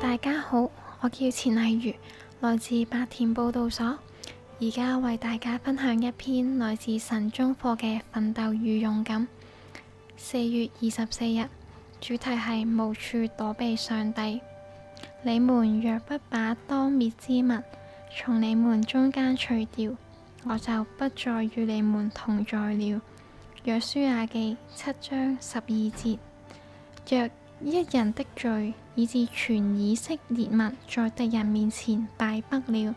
大家好，我叫錢麗如，來自白田報道所，而家為大家分享一篇來自神中課嘅奮鬥與勇敢。四月二十四日，主題係無處躲避上帝。你們若不把當滅之物從你們中間除掉，我就不再與你們同在了。約書亞記七章十二節。若一人的罪以至全以色列民在敵人面前敗北了，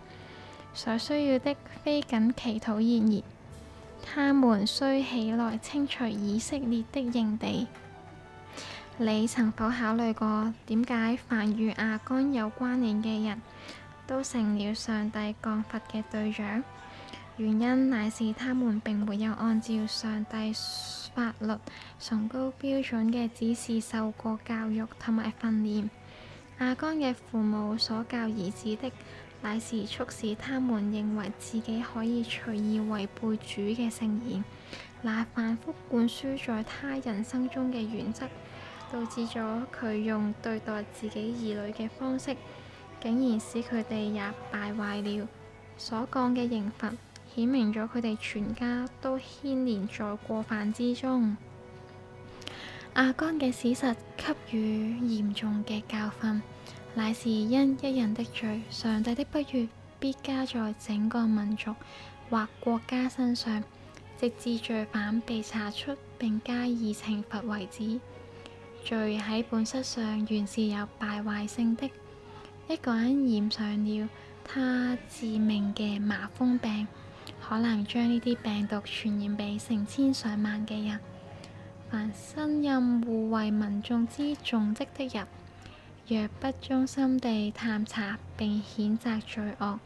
所需要的非僅祈禱，然而他們需起來清除以色列的營地。你曾否考慮過，點解凡與亞干有關聯嘅人都成了上帝降罰嘅對象？原因乃是他們並沒有按照上帝法律崇高標準嘅指示受過教育同埋訓練。亞干嘅父母所教兒子的，乃是促使他們認為自己可以隨意違背主嘅聖言，乃反覆灌輸在他人生中嘅原則導致咗佢用對待自己兒女嘅方式，竟然使佢哋也敗壞了所講嘅刑罰。顯明咗，佢哋全家都牽連在過犯之中。亞干嘅事實給予嚴重嘅教訓，乃是因一人的罪，上帝的不悦必加在整個民族或國家身上，直至罪犯被查出並加以懲罰為止。罪喺本質上原是有敗壞性的，一個人染上了他致命嘅麻風病。可能將呢啲病毒傳染俾成千上萬嘅人。凡身任護衞民眾之重職的人，若不忠心地探查並譴責罪惡，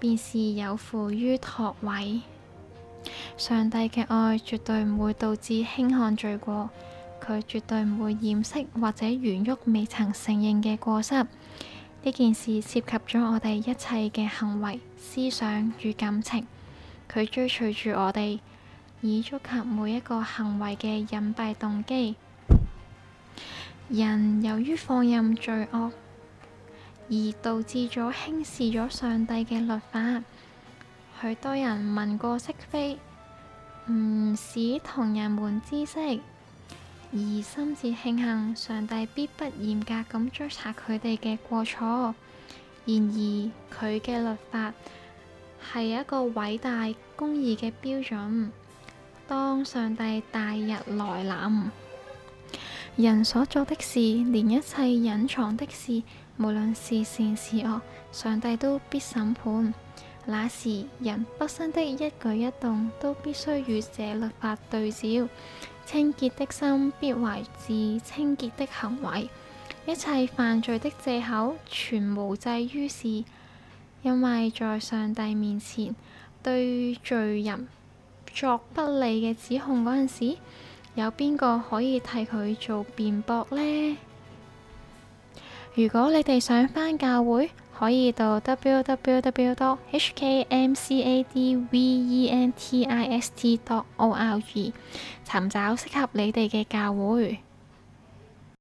便是有負於託位。上帝嘅愛絕對唔會導致輕看罪過，佢絕對唔會掩飾或者原宥未曾承認嘅過失。呢件事涉及咗我哋一切嘅行為、思想與感情。佢追隨住我哋，以觸及每一個行為嘅隱蔽動機。人由於放任罪惡，而導致咗輕視咗上帝嘅律法。許多人聞過識非，唔使同人們知識，而深自慶幸上帝必不嚴格咁追查佢哋嘅過錯。然而佢嘅律法係一個偉大公義嘅標準。當上帝大日來臨，人所做的事，連一切隱藏的事，無論是善是惡，上帝都必審判。那時，人不生的一舉一動，都必須與這律法對照。清潔的心必懷住清潔的行為，一切犯罪的借口，全無濟於事。因為在上帝面前對罪人作不利嘅指控嗰陣時，有邊個可以替佢做辯駁咧？如果你哋想返教會，可以到 www.hkmcadventist.org，尋找適合你哋嘅教會。